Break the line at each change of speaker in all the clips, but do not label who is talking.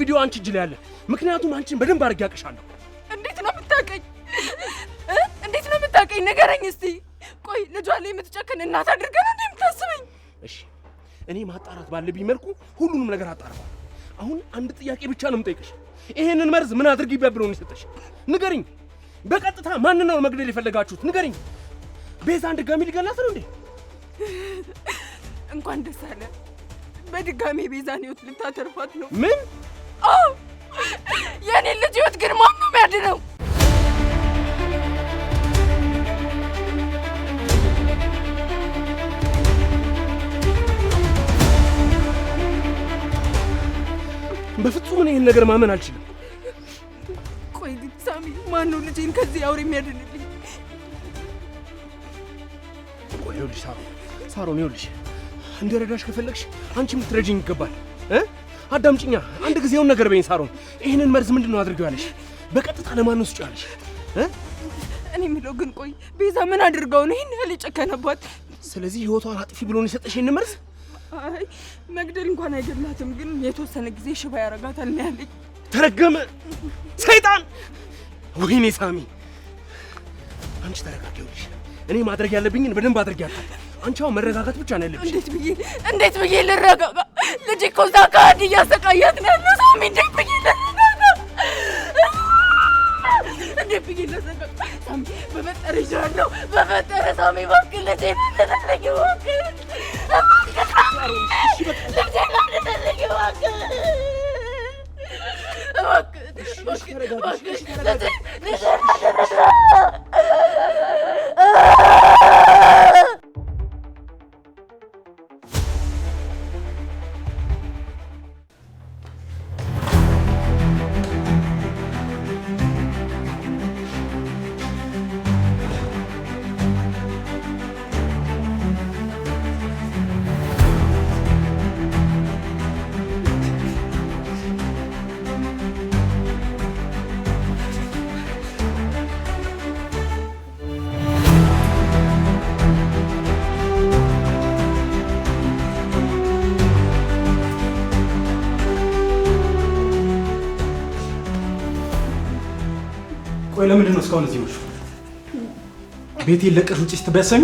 ቪዲዮ አንቺ እጅ ላይ ያለ። ምክንያቱም አንቺን በደንብ አድርጌ አውቅሻለሁ።
እንዴት ነው የምታውቀኝ? እንዴት ነው የምታውቀኝ? ንገረኝ እስቲ። ቆይ ልጇ ላይ የምትጨክን እናት አድርገን እንዴ የምታስበኝ?
እሺ እኔ ማጣራት ባለብኝ መልኩ ሁሉንም ነገር አጣርባል። አሁን አንድ ጥያቄ ብቻ ነው የምጠይቅሽ። ይሄንን መርዝ ምን አድርግ ብሎ ነው የሰጠሽ? ንገርኝ በቀጥታ ማንን ነው መግደል የፈለጋችሁት? ንገሪኝ። ቤዛን ድጋሚ ሊገላት ነው እንዴ?
እንኳን ደስ አለ። በድጋሚ ቤዛን ህይወት ልታተርፋት ነው። ምን የኔን ልጅ ህይወት ግን ማን ነው የሚያድነው?
በፍጹም እኔ ይህን ነገር ማመን አልችልም።
ቆይ ግን ሳሚ ማን ነው ልጄን ከዚህ አውሬ የሚያድንልኝ?
ቆይ ይኸውልሽ ሳሮን፣ ይኸውልሽ ከፈለግሽ አንቺ የምትረጅኝ ይገባል እ አዳምጭኛ አንድ ጊዜውን ነገር በይኝ ሳሮን፣ ይህንን መርዝ ምንድን ነው አድርገው ያለሽ? በቀጥታ ለማን ውስጥ ያለሽ?
እኔ የምለው ግን ቆይ ቤዛ ምን አድርገው ነው ይህን ያህል የጨከነባት?
ስለዚህ ህይወቷን አጥፊ ብሎ ነው የሰጠሽ ይህን መርዝ?
አይ መግደል እንኳን አይገድላትም፣ ግን የተወሰነ ጊዜ ሽባ ያረጋታል ያለኝ።
ተረገመ ሰይጣን! ወይኔ ሳሚ፣ አንቺ ተረጋጊ። እኔ ማድረግ ያለብኝን በደንብ አድርጊያለሁ። አንቺ አሁን መረጋጋት ብቻ ነው ያለብሽ።
እንዴት ብዬ እንዴት ብዬ ልረጋጋ? ልጅ እኮ እዛ ከአዲ እያሰቃያት ነው ያለ እንዴት ብዬ እንዴት ብዬ
ለምንድን ነው እስካሁን እዚህ ሆንሽ? ቤቴን ለቀሽ ውጪ ስትይ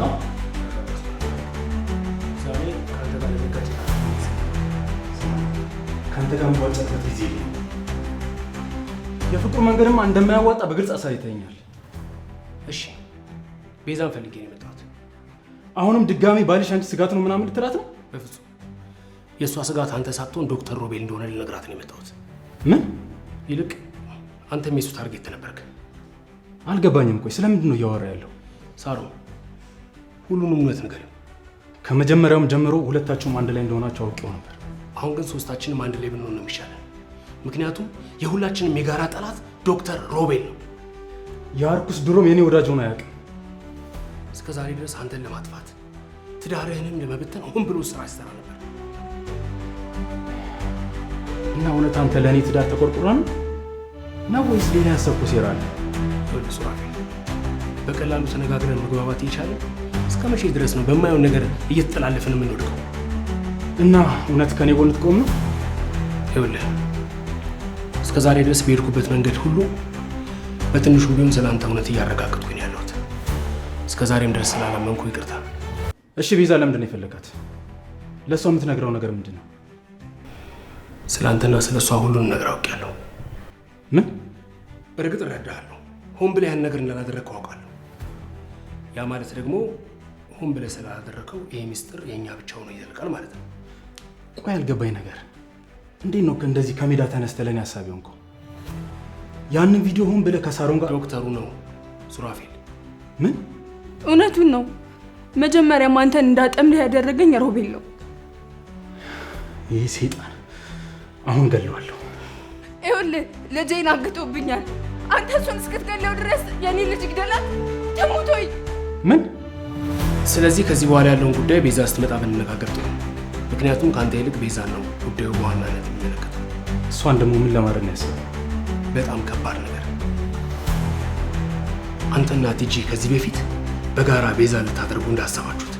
ነው ከአንተ ጋር የምዋጫበት ጊዜ የፍቅሩ መንገድማ እንደማያዋጣ በግልጽ አሳይተኛል። እሺ ቤዛን ፈልጌ ነው የመጣሁት። አሁንም ድጋሚ ባልሽ አንቺ ስጋት ነው ምናምን ልትላት ነው? በፍጹም የእሷ ስጋት አንተ ሳትሆን ዶክተር ሮቤል እንደሆነ ልነግራት ነው የመጣሁት። ምን? ይልቅ አንተም የሱ ታርጌት ነበርክ። አልገባኝም። ቆይ ስለምንድን ነው እያወራ ያለው? ሳሮ ሁሉንም እውነት ነገር ከመጀመሪያውም ጀምሮ ሁለታችሁም አንድ ላይ እንደሆናቸው አውቄው ነበር። አሁን ግን ሶስታችንም አንድ ላይ ብንሆን ነው የሚሻለን። ምክንያቱም የሁላችንም የጋራ ጠላት ዶክተር ሮቤል ነው። የአርኩስ ድሮም የኔ ወዳጅ ሆነ አያውቅም። እስከ ዛሬ ድረስ አንተን ለማጥፋት ትዳርህንም ለመበተን ሆን ብሎ ስራ ይሰራ ነበር እና እውነት አንተ ለእኔ ትዳር ተቆርቁረን ነው ወይስ ሌላ ያሰብኩ ሴራ አለ? ሱራፌል፣ በቀላሉ ተነጋግረን መግባባት የቻለ እስከ መቼ ድረስ ነው በማየውን ነገር እየተጠላለፍን የምንወድቀው? እና እውነት ከእኔ ጎን ልትቆም ነው? ይኸውልህ እስከ ዛሬ ድረስ በሄድኩበት መንገድ ሁሉ በትንሹ ቢሆን ስለ አንተ እውነት እያረጋግጥኩ እስከ ዛሬም ድረስ ስላላመንኩ ይቅርታ። እሺ ቤዛ ለምንድን ነው የፈለጋት? ለእሷ የምትነግረው ነገር ምንድን ነው? ስለ አንተና ስለ እሷ ሁሉንም ነገር አውቄያለሁ። ምን? በእርግጥ እረዳሃለሁ። ሆን ብለህ ያን ነገር እንዳላደረግከው አውቃለሁ። ያ ማለት ደግሞ ሆን ብለህ ስላላደረግከው ይሄ ሚስጥር የእኛ ብቻ ሆኖ ይዘልቃል ማለት ነው። ቆይ ያልገባኝ ነገር እንዴት ነው እንደዚህ ከሜዳ ተነስተህ ለእኔ ሀሳብ ሆንኩ? ያንን ቪዲዮ ሆን ብለህ ከሳሮን ጋር ዶክተሩ ነው ሱራፌል ምን
እውነቱን ነው። መጀመሪያም አንተን እንዳጠምድህ ያደረገኝ ሮቤል ነው።
ይህ ሴጣን አሁን ገለዋለሁ።
ይኸውልህ ልጄን አግቶብኛል። አንተ እሱን እስክትገለው ድረስ የኔ ልጅ ግደላት ተሞቶይ
ምን? ስለዚህ ከዚህ በኋላ ያለውን ጉዳይ ቤዛ ስትመጣ ብንነጋገር ጥሩ። ምክንያቱም ከአንተ ይልቅ ቤዛ ነው ጉዳዩ በዋናነት የሚመለከተው። እሷን ደግሞ ምን ለማድረግ ነው በጣም ከባድ ነገር። አንተና ቲጂ ከዚህ በፊት በጋራ ቤዛ ልታደርጉ እንዳሰባችሁት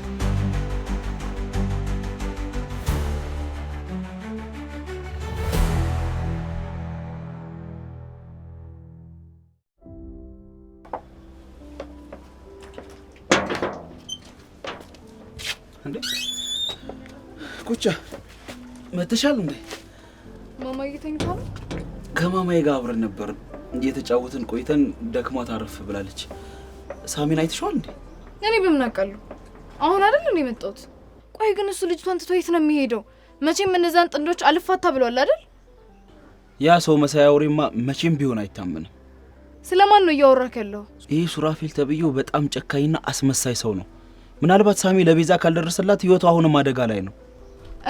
ቁጫ መተሻል እንዴ?
ማማዬ ተኝታ ነው።
ከማማዬ ጋር አብረን ነበር እየተጫወትን ቆይተን ደክሟት አረፍ ብላለች። ሳሚን አይተሸዋል እንዴ?
እኔ በምን አውቃለሁ? አሁን አይደል ነው የመጣሁት። ቆይ ግን እሱ ልጅቷን ትቶ የት ነው የሚሄደው? መቼም እነዛን ጥንዶች አልፋታ ብሏል አይደል?
ያ ሰው መሳይ አውሬማ መቼም ቢሆን አይታመንም።
ስለማን ነው እያወራክ ያለው?
ይህ ሱራፌል ተብዬው በጣም ጨካኝና አስመሳይ ሰው ነው። ምናልባት ሳሚ ለቤዛ ካልደረሰላት ህይወቱ አሁንም አደጋ ላይ ነው።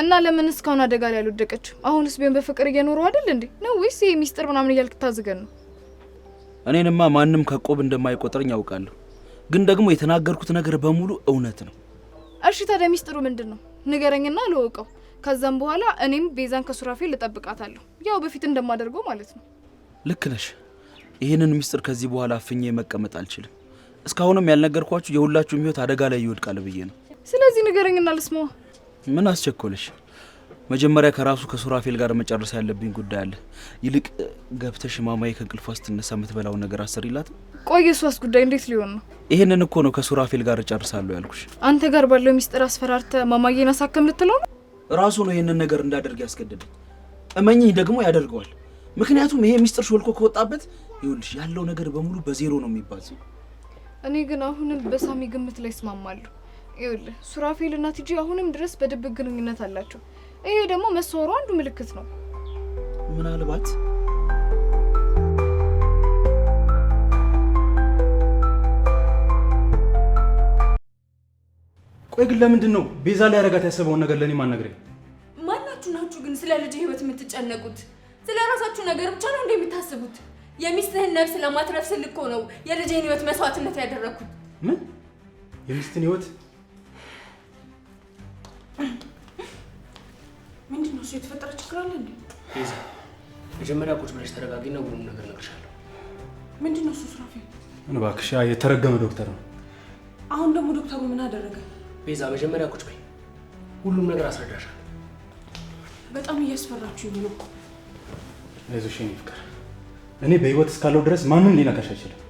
እና ለምን እስካሁን አደጋ ላይ አልወደቀችው? አሁንስ ቢሆን በፍቅር እየኖሩ አይደል እንዴ? ነው ወይስ ይሄ ሚስጥር ምናምን እያልክ ታዝገን ነው?
እኔንማ ማንም ከቆብ እንደማይቆጥርኝ ያውቃለሁ። ግን ደግሞ የተናገርኩት ነገር በሙሉ እውነት ነው።
እሺ ታዲያ ሚስጥሩ ምንድን ነው? ንገረኝና ልወቀው። ከዛም በኋላ እኔም ቤዛን ከሱራፌል ልጠብቃታለሁ፣ ያው በፊት እንደማደርገው ማለት ነው።
ልክ ነሽ። ይህንን ሚስጥር ከዚህ በኋላ አፍኜ መቀመጥ አልችልም። እስካሁንም ያልነገርኳችሁ የሁላችሁም ሕይወት አደጋ ላይ ይወድቃል ብዬ ነው።
ስለዚህ ንገረኝና ልስማዋ።
ምን አስቸኮለሽ? መጀመሪያ ከራሱ ከሱራፌል ጋር መጨረስ ያለብኝ ጉዳይ አለ። ይልቅ ገብተሽ ማማዬ ከእንቅልፏ ስትነሳ የምትበላውን ነገር አሰሪላት።
ቆይ እሷስ ጉዳይ እንዴት ሊሆን ነው?
ይህንን እኮ ነው ከሱራፌል ጋር እጨርሳለሁ ያልኩሽ።
አንተ ጋር ባለው ሚስጥር አስፈራርተ ማማዬን አሳከም ልትለው ነው?
ራሱ ነው ይህንን ነገር እንዳደርግ ያስገደደኝ። እመኚህ ደግሞ ያደርገዋል። ምክንያቱም ይሄ ሚስጥር ሾልኮ ከወጣበት ይኸውልሽ ያለው ነገር በሙሉ በዜሮ ነው የሚባዘው።
እኔ ግን አሁንም በሳሚ ግምት ላይ እስማማለሁ። ይኸውልህ ሱራፌል እና ቲጂ አሁንም ድረስ በድብቅ ግንኙነት አላቸው። ይሄ ደግሞ መሰወሩ አንዱ ምልክት ነው።
ምናልባት ቆይ ግን ለምንድን ነው ቤዛ ላይ ያረጋት ያሰበውን ነገር ለእኔ ማናግረኝ?
ማናችሁ ናችሁ ግን ስለ ልጅ ህይወት የምትጨነቁት? ስለ ራሳችሁ ነገር ብቻ ነው እንደምታስቡት? የሚስትህን ነፍስ ለማትረፍ ስል ነው የልጅህን ህይወት መስዋዕትነት ያደረግኩት።
ምን? የሚስትህን ህይወት
ምንድን ነው እሱ? የተፈጠረ ችግር አለ እንዴ?
ቤዛ መጀመሪያ ቁጭ ብለሽ ተረጋጊና ሁሉም ነገር እነግርሻለሁ።
ምንድን ነው እሱ? ሱራፌል
ምን እባክሽ፣ የተረገመ ዶክተር ነው።
አሁን ደግሞ ዶክተሩ ምን አደረገ?
ቤዛ መጀመሪያ ቁጭ በይ፣ ሁሉም ነገር አስረዳሻል?
በጣም እያስፈራችሁ ይሉ ነው።
አይዞሽ የእኔ ፍቅር፣ እኔ በህይወት እስካለው ድረስ ማንም ሊነካሽ አይችልም።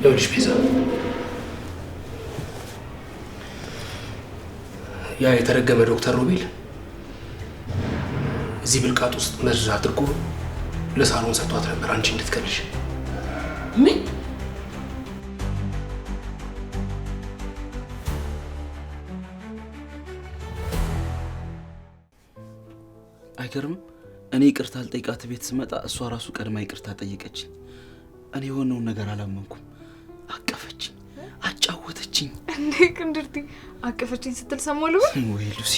ይኸውልሽ ቤዛ ያ የተረገመ ዶክተር ሮቤል እዚህ ብልቃጥ ውስጥ መርዝ አድርጎ ለሳሎን ሰጥቷት ነበር አንቺ እንድትገልሽ። ምን አይገርም? እኔ ይቅርታ ልጠይቃት ቤት ስመጣ እሷ ራሱ ቀድማ ይቅርታ ጠየቀችኝ። እኔ የሆነውን ነገር አላመንኩም። አቀፈችኝ፣ አጫወተችኝ።
እንዴ ክንድርቲ አቀፈችኝ ስትል ሰማሁ
ወይ? ሉሲ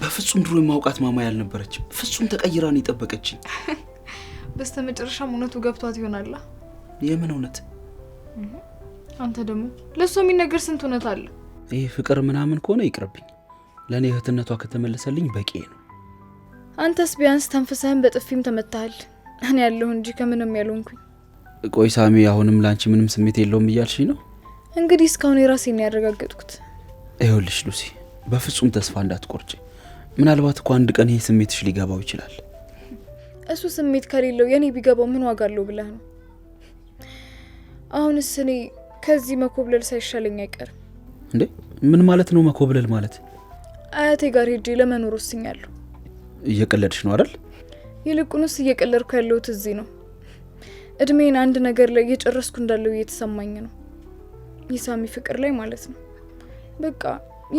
በፍጹም ድሮ የማውቃት ማማ ያልነበረች ፍጹም ተቀይራ ነው የጠበቀችኝ።
በስተ መጨረሻም እውነቱ ገብቷት ይሆናላ። የምን እውነት? አንተ ደግሞ ለእሷ የሚነገር ስንት እውነት አለ።
ይህ ፍቅር ምናምን ከሆነ ይቅርብኝ። ለእኔ እህትነቷ ከተመለሰልኝ በቂ ነው።
አንተስ ቢያንስ ተንፍሰህን በጥፊም ተመታሃል። እኔ ያለሁ እንጂ ከምንም ያልሆንኩኝ።
ቆይ ሳሚ፣ አሁንም ለአንቺ ምንም ስሜት የለውም እያልሽኝ ነው?
እንግዲህ እስካሁን የራሴን ነው ያረጋገጥኩት።
ይኸውልሽ ሉሲ፣ በፍጹም ተስፋ እንዳትቆርጭ። ምናልባት እኮ አንድ ቀን ይሄ ስሜትሽ ሊገባው ይችላል።
እሱ ስሜት ከሌለው የእኔ ቢገባው ምን ዋጋ አለው ብለህ ነው? አሁንስ እኔ ከዚህ መኮብለል ሳይሻለኝ አይቀርም።
እንዴ ምን ማለት ነው መኮብለል ማለት?
አያቴ ጋር ሄጄ ለመኖር ወስኛለሁ።
እየቀለድሽ ነው አይደል?
ይልቁንስ እየቀለድኩ ያለሁት እዚህ ነው። እድሜን አንድ ነገር ላይ እየጨረስኩ እንዳለው እየተሰማኝ ነው። የሳሚ ፍቅር ላይ ማለት ነው። በቃ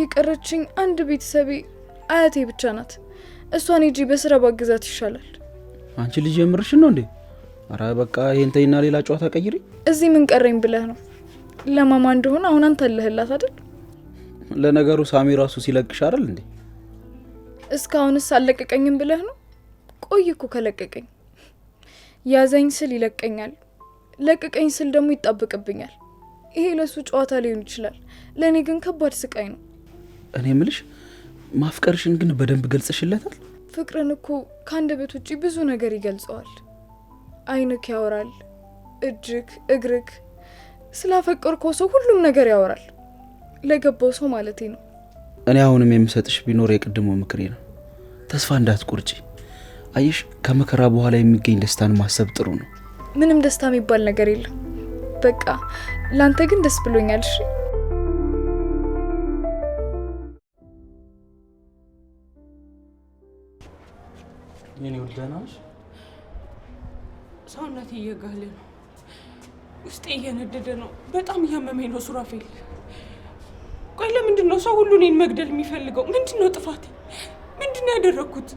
የቀረችኝ አንድ ቤተሰቤ አያቴ ብቻ ናት። እሷን ሂጂ በስራ ባግዛት ይሻላል።
አንቺ ልጅ የምርሽን ነው እንዴ? አረ በቃ ይሄን ተይና ሌላ ጨዋታ ቀይሪ።
እዚህ ምን ቀረኝ ብለህ ነው? ለማማ እንደሆነ አሁን አንተ አለህላት አይደል?
ለነገሩ ሳሚ ራሱ ሲለቅሽ አይደል እንዴ?
እስካሁንስ አልለቀቀኝም ብለህ ነው? ቆይ እኮ ከለቀቀኝ ያዘኝ ስል ይለቀኛል፣ ለቅቀኝ ስል ደግሞ ይጣበቅብኛል። ይሄ ለሱ ጨዋታ ሊሆን ይችላል፣ ለእኔ ግን ከባድ ስቃይ ነው።
እኔ ምልሽ ማፍቀርሽን ግን በደንብ ገልጽሽለታል?
ፍቅርን እኮ ከአንደበት ውጭ ብዙ ነገር ይገልጸዋል። አይንክ ያወራል፣ እጅክ፣ እግርክ፣ ስላፈቀርከው ሰው ሁሉም ነገር ያወራል። ለገባው ሰው ማለቴ ነው።
እኔ አሁንም የምሰጥሽ ቢኖር የቅድሞ ምክሬ ነው፣ ተስፋ እንዳትቆርጪ። አየሽ፣ ከመከራ በኋላ የሚገኝ ደስታን ማሰብ ጥሩ ነው።
ምንም ደስታ የሚባል ነገር የለም። በቃ ለአንተ ግን ደስ ብሎኛል። እሺ
የኔ ውድ
ሰውነት እየጋለ ነው፣ ውስጤ እየነደደ ነው። በጣም እያመመኝ ነው ሱራፌል። ቆይ ለምንድን ነው ሰው ሁሉ እኔን መግደል የሚፈልገው? ምንድን ነው ጥፋቴ? ምንድን ነው ያደረግኩት?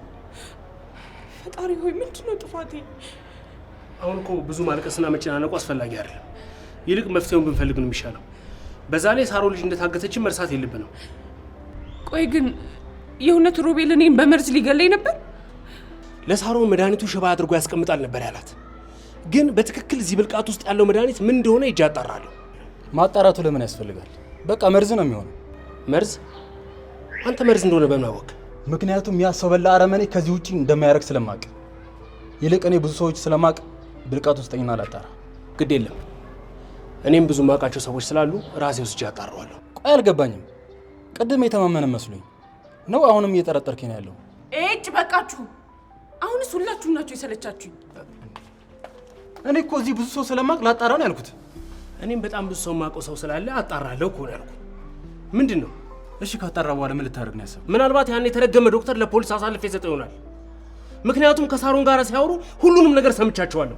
ፈጣሪ ሆይ ምንድን ነው ጥፋቴ?
አሁን እኮ ብዙ ማልቀስና መጨናነቁ አስፈላጊ አይደለም። ይልቅ መፍትሄውን ብንፈልግ ነው የሚሻለው። በዛ ላይ ሳሮ ልጅ እንደታገተችን መርሳት የለብንም።
ቆይ ግን የእውነት ሮቤል እኔን በመርዝ ሊገለኝ ነበር?
ለሳሮ መድኃኒቱ ሽባ አድርጎ ያስቀምጣል ነበር ያላት። ግን በትክክል እዚህ ብልቃት ውስጥ ያለው መድኃኒት ምን እንደሆነ እጅ አጣራለሁ። ማጣራቱ ለምን ያስፈልጋል? በቃ መርዝ ነው የሚሆነው። መርዝ? አንተ መርዝ እንደሆነ በምን አወቅ? ምክንያቱም ያ ሰው በላ አረመኔ ከዚህ ውጪ እንደማያደርግ ስለማቅ፣ ይልቅ እኔ ብዙ ሰዎች ስለማቅ ብልቃት ውስጠኝና አላጣራ ግድ የለም እኔም ብዙ ማውቃቸው ሰዎች ስላሉ ራሴ ውስጥ ያጣራዋለሁ። ቆይ አልገባኝም። ቅድም የተማመነ መስሎኝ ነው። አሁንም እየጠረጠርክ ነው ያለው?
እጭ በቃችሁ። አሁንስ ሁላችሁም ናቸው የሰለቻችሁኝ።
እኔ እኮ እዚህ ብዙ ሰው ስለማቅ ላጣራ ነው ያልኩት። እኔም በጣም ብዙ ሰው ማውቀው ሰው ስላለ አጣራለሁ እኮ ነው ያልኩ። ምንድን ነው እሺ? ካጣራ በኋላ ምን ልታደርግ ነው ያሰብኩት? ምናልባት ያን የተረገመ ዶክተር ለፖሊስ አሳልፌ የሰጠው ይሆናል። ምክንያቱም ከሳሮን ጋር ሲያወሩ ሁሉንም ነገር ሰምቻቸዋለሁ።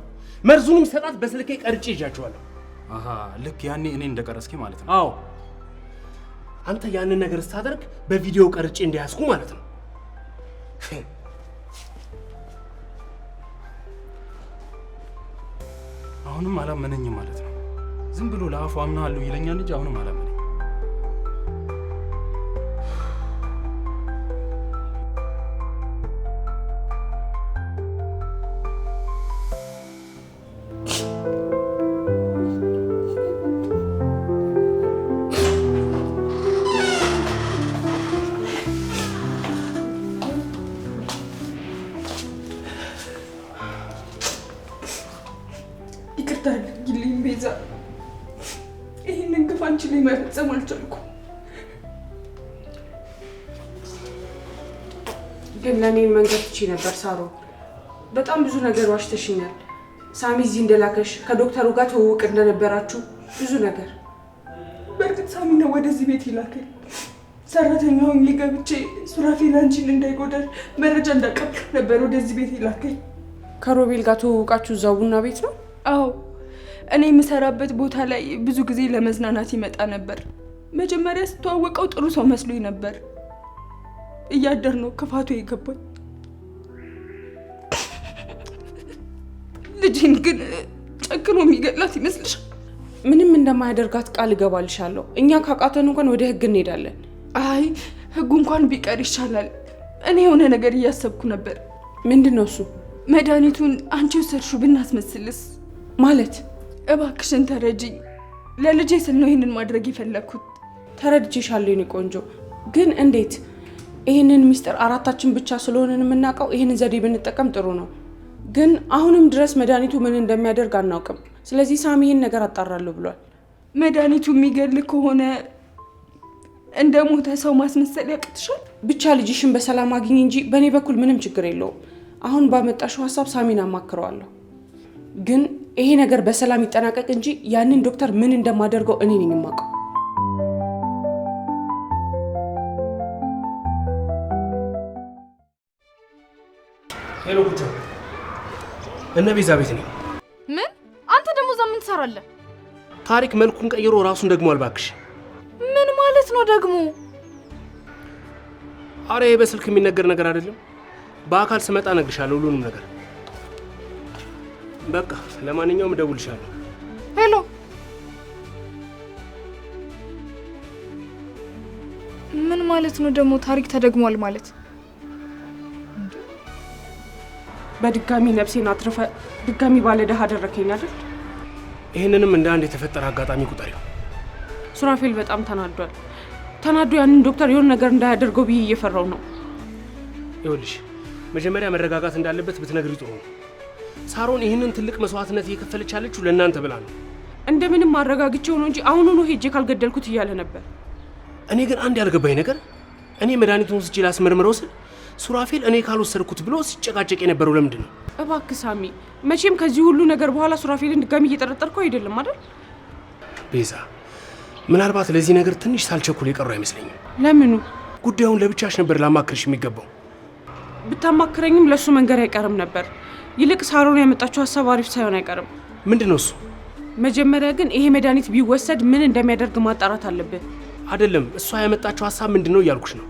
መርዙንም ሰጣት በስልኬ ቀርጬ ይዣቸዋለሁ። ልክ ያኔ እኔ እንደቀረስኪ ማለት ነው። አዎ አንተ ያንን ነገር ስታደርግ በቪዲዮ ቀርጬ እንዳያዝኩ ማለት ነው። አሁንም አላመነኝም ማለት ነው። ዝም ብሎ ለአፉ አምናለሁ ይለኛል እንጂ አሁንም አላመነኝም።
መፈጸም አልቻልኩም።
ግን ለእኔ መንገድ ትቼ ነበር። ሳሮ በጣም ብዙ ነገር ዋሽተሽኛል። ሳሚ እዚህ እንደላከሽ ከዶክተሩ ጋር ትውውቅ እንደነበራችሁ ብዙ ነገር።
በእርግጥ ሳሚ ነው ወደዚህ ቤት ይላከኝ። ሰራተኛውን ሊገብቼ ሱራፌል አንቺን እንዳይጎዳል መረጃ እንዳቀብል ነበር ወደዚህ ቤት ይላከኝ።
ከሮቤል ጋር ትውውቃችሁ እዛው ቡና ቤት ነው?
አዎ እኔ የምሰራበት ቦታ ላይ ብዙ ጊዜ ለመዝናናት ይመጣ ነበር። መጀመሪያ ስተዋወቀው ጥሩ ሰው መስሎኝ ነበር። እያደር ነው ክፋቱ የገባኝ። ልጅን ግን ጨክኖ የሚገላት ይመስልሻል?
ምንም እንደማያደርጋት ቃል እገባልሻለሁ። እኛ ካቃተን እንኳን ወደ ህግ እንሄዳለን።
አይ ህጉ እንኳን ቢቀር ይሻላል። እኔ የሆነ ነገር እያሰብኩ ነበር። ምንድን ነው እሱ? መድኃኒቱን አንቺ ወሰድሽው ብናስመስልስ ማለት እባክሽን ተረጅኝ። ለልጄ ስል ነው ይህንን ማድረግ የፈለግኩት።
ተረድቼሻለሁ የኔ ቆንጆ። ግን እንዴት ይህንን ሚስጥር አራታችን ብቻ ስለሆንን የምናውቀው ይህንን ዘዴ ብንጠቀም ጥሩ ነው። ግን አሁንም ድረስ መድኃኒቱ ምን እንደሚያደርግ አናውቅም። ስለዚህ ሳሚ ይህን ነገር አጣራለሁ ብሏል።
መድኃኒቱ የሚገል ከሆነ እንደ ሞተ ሰው ማስመሰል ያቅትሻል።
ብቻ ልጅሽን በሰላም አግኝ እንጂ በእኔ በኩል ምንም ችግር የለውም። አሁን ባመጣሽው ሀሳብ ሳሚን አማክረዋለሁ። ግን ይሄ ነገር በሰላም ይጠናቀቅ እንጂ ያንን ዶክተር ምን እንደማደርገው እኔ ነኝ የማውቀው።
ሄሎ ጉቻ፣ እነ ቤዛ ቤት ነኝ።
ምን? አንተ ደግሞ እዛ ምን ትሰራለህ?
ታሪክ መልኩን ቀይሮ ራሱን ደግሟል። አልባክሽ።
ምን ማለት ነው ደግሞ?
አረ በስልክ የሚነገር ነገር አይደለም። በአካል ስመጣ እነግርሻለሁ ሁሉንም ነገር በቃ ለማንኛውም እደውልልሻለሁ።
ሄሎ ምን ማለት ነው ደግሞ? ታሪክ ተደግሟል ማለት
በድጋሚ ነፍሴን አትረፈ፣ ድጋሚ ባለደህ አደረከኝ አይደል?
ይህንንም እንደ አንድ የተፈጠረ አጋጣሚ ቁጠሪው።
ሱራፌል በጣም ተናዷል። ተናዶ ያንን ዶክተር የሆነ ነገር እንዳያደርገው ብዬ እየፈራው ነው።
ይኸውልሽ መጀመሪያ መረጋጋት እንዳለበት ብትነግሪ ጥሩ ነው። ሳሮን ይህንን ትልቅ መስዋዕትነት እየከፈለች ያለችው ለእናንተ ብላ ነው።
እንደምንም አረጋግቼው ነው እንጂ አሁኑኑ ሄጄ ካልገደልኩት እያለ ነበር።
እኔ ግን አንድ ያልገባኝ ነገር እኔ መድኃኒቱን ወስጄ ላስመርምረው ስል ሱራፌል እኔ ካልወሰድኩት ብሎ ሲጨቃጨቅ የነበረው ለምንድን ነው?
እባክህ ሳሚ፣ መቼም ከዚህ ሁሉ ነገር በኋላ ሱራፌልን ድጋሚ እየጠረጠርከው አይደለም አይደል?
ቤዛ፣ ምናልባት ለዚህ ነገር ትንሽ ሳልቸኩል የቀሩ አይመስለኝም። ለምኑ? ጉዳዩን ለብቻሽ ነበር ላማክርሽ የሚገባው።
ብታማክረኝም ለእሱ መንገር አይቀርም ነበር ይልቅ ሳሮን ያመጣችው ሀሳብ አሪፍ ሳይሆን አይቀርም። ምንድን ነው እሱ? መጀመሪያ ግን ይሄ መድኃኒት ቢወሰድ ምን እንደሚያደርግ ማጣራት አለብን።
አይደለም እሷ ያመጣችው ሀሳብ ምንድን ነው እያልኩሽ ነው።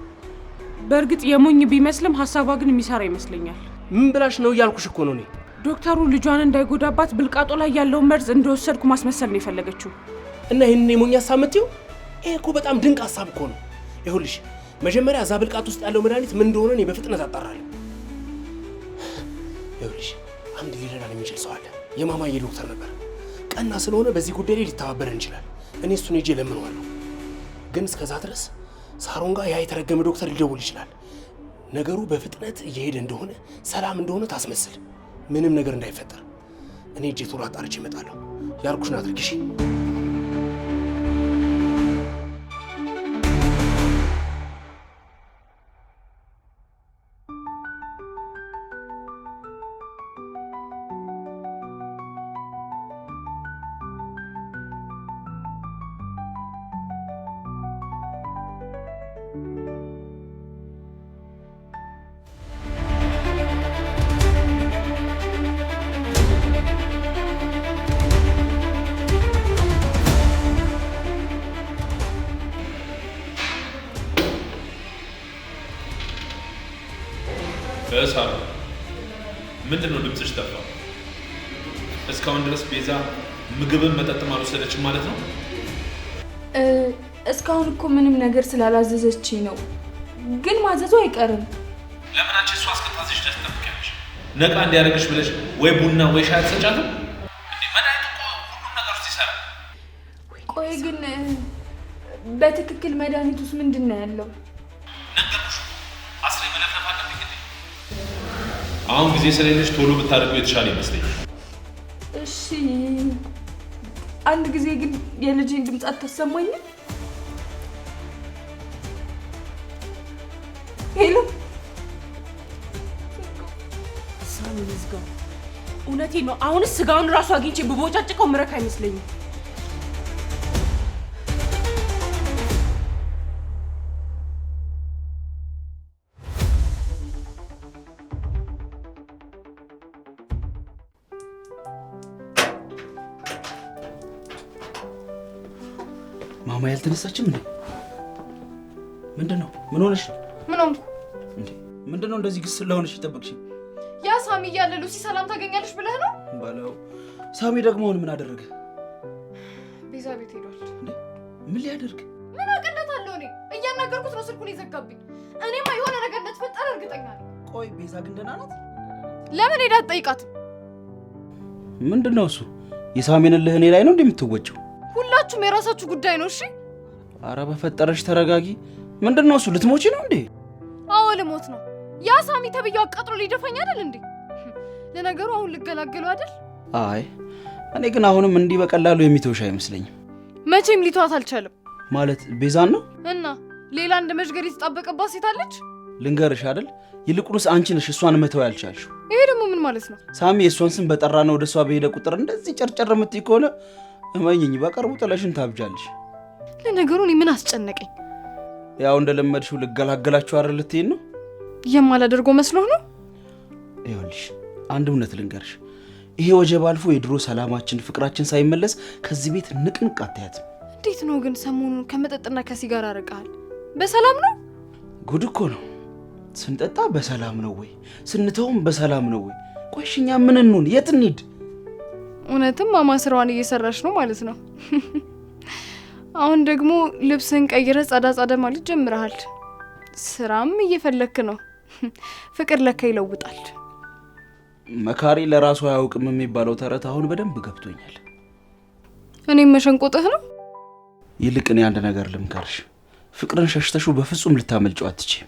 በእርግጥ የሞኝ ቢመስልም ሀሳቧ ግን የሚሰራ ይመስለኛል።
ምን ብላሽ ነው እያልኩሽ እኮ ነው እኔ።
ዶክተሩ ልጇን እንዳይጎዳባት ብልቃጦ ላይ ያለውን መርዝ እንደወሰድኩ ማስመሰል ነው የፈለገችው።
እና ይህንን የሞኝ ሀሳብ የምትይው? ይሄ እኮ በጣም ድንቅ ሀሳብ እኮ ነው። ይሁልሽ መጀመሪያ እዛ ብልቃጥ ውስጥ ያለው መድኃኒት ምን እንደሆነ እኔ በፍጥነት አጣራለሁ። ይኸውልሽ አንድ ሊረዳን የሚችል ሰው አለ። የማማዬ ዶክተር ነበር። ቀና ስለሆነ በዚህ ጉዳይ ላይ ሊተባበረን ይችላል። እኔ እሱን ሄጄ ለምነዋለሁ። ግን እስከዛ ድረስ ሳሮን ጋር ያ የተረገመ ዶክተር ሊደውል ይችላል። ነገሩ በፍጥነት እየሄደ እንደሆነ ሰላም እንደሆነ ታስመስል። ምንም ነገር እንዳይፈጠር እኔ እጄ ቶሎ አጣርቼ እመጣለሁ። ያልኩሽን አድርጊ
ምንድን ነው ድምፅሽ ጠፋ? እስካሁን ድረስ ቤዛ ምግብን መጠጥም አልወሰደችም ማለት ነው?
እስካሁን እኮ ምንም ነገር ስላላዘዘች ነው፣ ግን ማዘዙ አይቀርም።
ለምን አንቺ እሷ እስከታዘች ደስ ጠብቂያለሽ? ነቃ እንዲያደርግሽ ብለሽ ወይ ቡና ወይ ሻይ አትሰጫትም?
ቆይ ግን በትክክል መድኃኒት ውስጥ ምንድን ነው ያለው?
አሁን ጊዜ ስለሌለሽ ቶሎ ብታደርገው የተሻለ ይመስለኛል።
እሺ፣ አንድ ጊዜ ግን የልጅን ድምፅ አታሰማኝም? ሄሎ፣ እውነቴ ነው። አሁንስ ስጋውን እራሱ አግኝቼ ብቦጫጭቀው ምረካ አይመስለኝም።
ማማ ያልተነሳችም እንዴ? ምንድን ነው? ምን ሆነሽ? ምን ሆንኩ እንዴ? ምንድን ነው እንደዚህ ግስ ስለሆነሽ ይጠበቅሽ?
ያ ሳሚ እያለ ሉሲ ሰላም ታገኛለች ብለህ ነው
ባለው። ሳሚ ደግሞ አሁን ምን አደረገ?
ቤዛ ቤት ሄዷል። ምን ሊያደርግ? ምን አውቅለታለሁ እኔ። እያናገርኩት ነው ስልኩን የዘጋብኝ። እኔማ የሆነ ነገር እንደተፈጠረ እርግጠኛ ነኝ።
ቆይ ቤዛ ግን ደህና ናት?
ለምን ሄዳ ትጠይቃት?
ምንድን ነው እሱ? የሳሚን ልህ እኔ ላይ ነው እንደምትወጪው
ሁላችሁም የራሳችሁ ጉዳይ ነው። እሺ።
አረ በፈጠረሽ ተረጋጊ። ምንድን ነው እሱ? ልትሞቺ ነው እንዴ?
አዎ ልሞት ነው። ያ ሳሚ ተብዬው አቃጥሎ ሊደፋኝ አይደል እንዴ? ለነገሩ አሁን ልገላገለው አይደል?
አይ እኔ ግን አሁንም እንዲህ በቀላሉ የሚተውሽ አይመስለኝም።
መቼም ሊተዋት አልቻለም።
ማለት ቤዛን ነው
እና ሌላ እንደ መዥገር የተጣበቀባት ሴት አለች።
ልንገርሽ አይደል ይልቁንስ አንቺ ነሽ እሷን መተው ያልቻልሽው።
ይሄ ደግሞ ምን ማለት ነው?
ሳሚ የእሷን ስም ነው ወደ እሷ በሄደ ቁጥር እንደዚህ ጨርጨር የምትይ ከሆነ እመኝኝ በቅርቡ ጥለሽን ታብጃለሽ።
ለነገሩ እኔ ምን አስጨነቀኝ?
ያው እንደለመድሽው ልገላገላችሁ አይደል? ልትሄድ ነው?
የማላደርገው መስሎ ነው?
ይኸውልሽ አንድ እውነት ልንገርሽ፣ ይሄ ወጀብ አልፎ የድሮ ሰላማችን ፍቅራችን ሳይመለስ ከዚህ ቤት ንቅንቅ አታያትም።
እንዴት ነው ግን ሰሞኑን ከመጠጥና ከሲጋራ ርቀሃል? በሰላም ነው?
ጉድ እኮ ነው። ስንጠጣ በሰላም ነው ወይ? ስንተውም በሰላም ነው ወይ? ቆይሽ ምን እንሆን? የት እንሂድ?
እውነትም ማማ ስራዋን እየሰራች ነው ማለት ነው። አሁን ደግሞ ልብስን ቀይረ ጸዳ ጸዳ ማለት ጀምረሃል። ስራም እየፈለክ ነው። ፍቅር ለካ ይለውጣል።
መካሪ ለራሱ አያውቅም የሚባለው ተረት አሁን በደንብ ገብቶኛል።
እኔም መሸንቆጥህ ነው።
ይልቅ እኔ አንድ ነገር ልምከርሽ፣ ፍቅርን ሸሽተሹ በፍጹም ልታመልጪው አትችይ።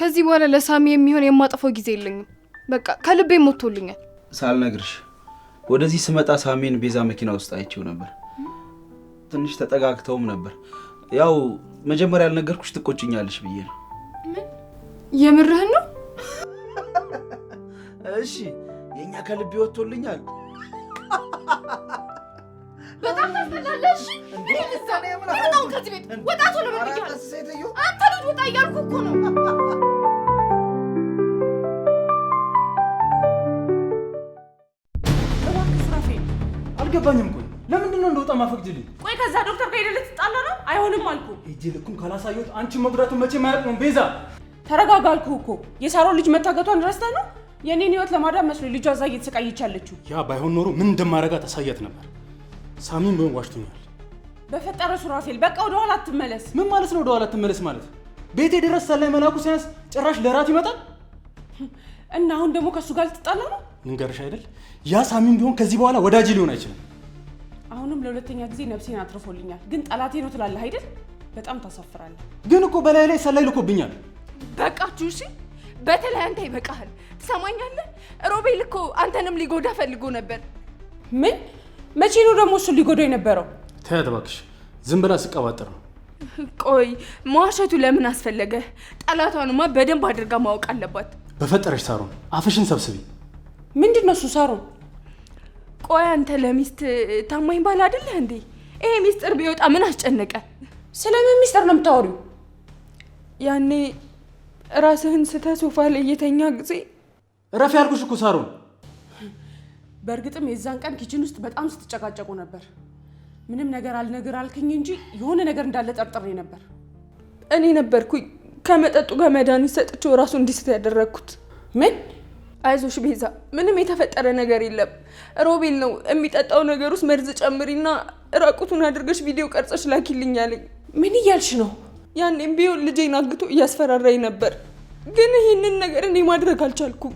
ከዚህ በኋላ ለሳሚ የሚሆን የማጠፋው ጊዜ የለኝም። በቃ ከልቤ ሞቶልኛል
ሳልነግርሽ ወደዚህ ስመጣ ሳሚን ቤዛ መኪና ውስጥ አይቼው ነበር። ትንሽ ተጠጋግተውም ነበር። ያው መጀመሪያ ያልነገርኩሽ ትቆጭኛለሽ ብዬ ነው። ምን
የምርህን ነው?
እሺ የእኛ ከልቤ ወጥቶልኛል።
በጣም ታስጠላለሽ። ወጣ እያልኩ እኮ ነው
አልገባኝም። ቆይ ለምንድን ነው እንደወጣ ማፈግጅልኝ?
ቆይ ከዛ ዶክተር ጋር ሄደህ ልትጣላ ነው? አይሆንም አልኩ።
ሂጅ ልኩን ካላሳየሁት አንቺ መጉዳቱን መቼ ማያውቅ ነው። ቤዛ
ተረጋጋ እኮ። የሳሮን ልጅ መታገቷን ረስተህ ነው? የእኔን ህይወት ለማዳን መስሎ ልጇ እዛ እየተሰቃየች
ያ ባይሆን ኖሮ ምን እንደማረጋ ታሳያት ነበር። ሳሚን ቢሆን ዋሽቶኛል።
በፈጠረ ሱራፌል፣ በቃ ወደኋላ አትመለስ።
ምን ማለት ነው ወደኋላ አትመለስ ማለት? ቤቴ ድረስ ሰላይ መላኩ ሲያንስ ጭራሽ ለራት ይመጣል
እና አሁን ደግሞ ከእሱ ጋር ልትጣላ ነው?
ንገርሽ አይደል ያ ሳሚም ቢሆን ከዚህ በኋላ ወዳጅ ሊሆን አይችልም።
አሁንም ለሁለተኛ ጊዜ ነፍሴን አትርፎልኛል። ግን ጠላቴ ነው ትላለህ አይደል? በጣም ታሳፍራለህ።
ግን እኮ በላይ ላይ ሰላይ ልኮብኛል።
በቃችሁ። እሺ፣ በተለይ አንተ ይበቃሃል። ትሰማኛለህ? ሮቤል እኮ አንተንም ሊጎዳ ፈልጎ ነበር።
ምን? መቼ ነው ደግሞ እሱ ሊጎዳው የነበረው?
ተያት እባክሽ፣ ዝም ብላ ስቀባጥር ነው።
ቆይ መዋሸቱ ለምን አስፈለገ? ጠላቷንማ በደንብ አድርጋ ማወቅ አለባት።
በፈጠረሽ ሳሩን አፍሽን ሰብስቢ።
ምንድን ነው እሱ ሳሩን
ቆይ አንተ ለሚስት ታማኝ ባል አይደለህ እንዴ? ይሄ ሚስጥር ቢወጣ ምን አስጨነቀ?
ስለምን ሚስጥር ነው የምታወሪው?
ያኔ ራስህን ስተ ሶፋ ላይ እየተኛ ጊዜ
ረፍ ያልኩሽ እኮ ሳሩን።
በእርግጥም የዛን ቀን ኪችን ውስጥ በጣም ስትጨቃጨቁ ነበር። ምንም ነገር አልነግር አልክኝ እንጂ የሆነ ነገር እንዳለ ጠርጥሬ ነበር።
እኔ ነበርኩኝ ከመጠጡ ጋር መድኃኒት ሰጥቼው ራሱ እንዲስት ያደረግኩት ምን አይዞሽ ቤዛ፣ ምንም የተፈጠረ ነገር የለም። ሮቤል ነው የሚጠጣው ነገር ውስጥ መርዝ ጨምሪና ራቁቱን አድርገሽ ቪዲዮ ቀርጸሽ ላኪልኝ አለኝ።
ምን እያልሽ ነው?
ያኔም ቢሆን ልጄን አግቶ እያስፈራራኝ ነበር፣ ግን ይህንን ነገር እኔ ማድረግ አልቻልኩም።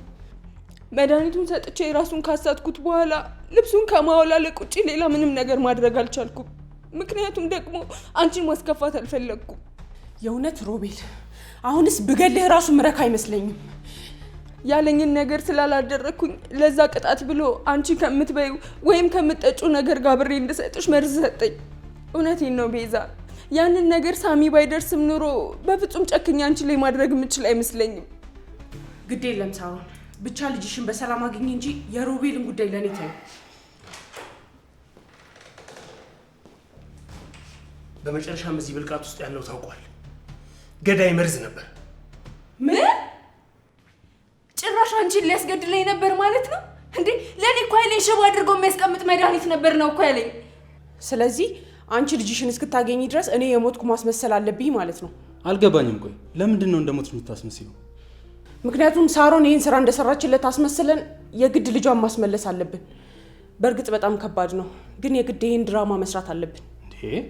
መድኃኒቱን ሰጥቼ ራሱን ካሳትኩት በኋላ ልብሱን ከማወላለቅ ውጭ ሌላ ምንም ነገር ማድረግ አልቻልኩም። ምክንያቱም ደግሞ አንቺን ማስከፋት አልፈለግኩም።
የእውነት ሮቤል፣ አሁንስ ብገልህ ራሱ ምረክ አይመስለኝም
ያለኝን ነገር ስላላደረግኩኝ ለዛ ቅጣት ብሎ አንቺ ከምትበይ ወይም ከምትጠጩ ነገር ጋብሬ እንድሰጥሽ መርዝ ሰጠኝ። እውነቴን ነው ቤዛ፣ ያንን ነገር ሳሚ ባይደርስም ኑሮ በፍጹም ጨክኝ አንቺ ላይ ማድረግ የምችል አይመስለኝም።
ግድ የለም ሳሮን፣ ብቻ ልጅሽን በሰላም አግኝ እንጂ የሮቤልን ጉዳይ ለእኔ ተይው።
በመጨረሻም እዚህ ብልቃት ውስጥ ያለው ታውቋል። ገዳይ መርዝ ነበር።
ምን ጭራሽ አንቺን ሊያስገድለኝ ነበር ማለት ነው እንዴ? ለእኔ እኮ ኃይሌን ሽቦ አድርጎ የሚያስቀምጥ መድኃኒት ነበር ነው እኮ ያለኝ። ስለዚህ አንቺ ልጅሽን እስክታገኝ ድረስ እኔ የሞትኩ ማስመሰል አለብኝ ማለት ነው።
አልገባኝም። ቆይ ለምንድን ነው እንደ ሞት የምታስመስለው?
ምክንያቱም ሳሮን ይህን ስራ እንደሰራችለት አስመስለን የግድ ልጇን ማስመለስ አለብን። በእርግጥ በጣም ከባድ ነው፣ ግን የግድ ይህን ድራማ መስራት አለብን።
እንዴ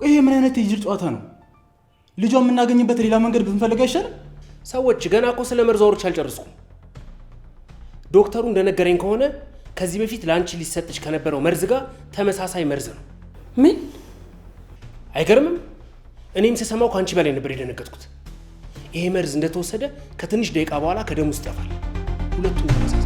ቆይ ይሄ ምን አይነት የጅል ጨዋታ ነው? ልጇን የምናገኝበት ሌላ መንገድ ብንፈልግ አይሻልም? ሰዎች ገና እኮ ስለ መርዛወሮች አልጨርስኩም። ዶክተሩ እንደነገረኝ ከሆነ ከዚህ በፊት ለአንቺ ሊሰጥሽ ከነበረው መርዝ ጋር ተመሳሳይ መርዝ ነው። ምን አይገርምም? እኔም ስሰማው ከአንቺ በላይ ነበር የደነገጥኩት። ይሄ መርዝ እንደተወሰደ ከትንሽ ደቂቃ በኋላ ከደም ውስጥ ይጠፋል። ሁለቱም ተመሳሳይ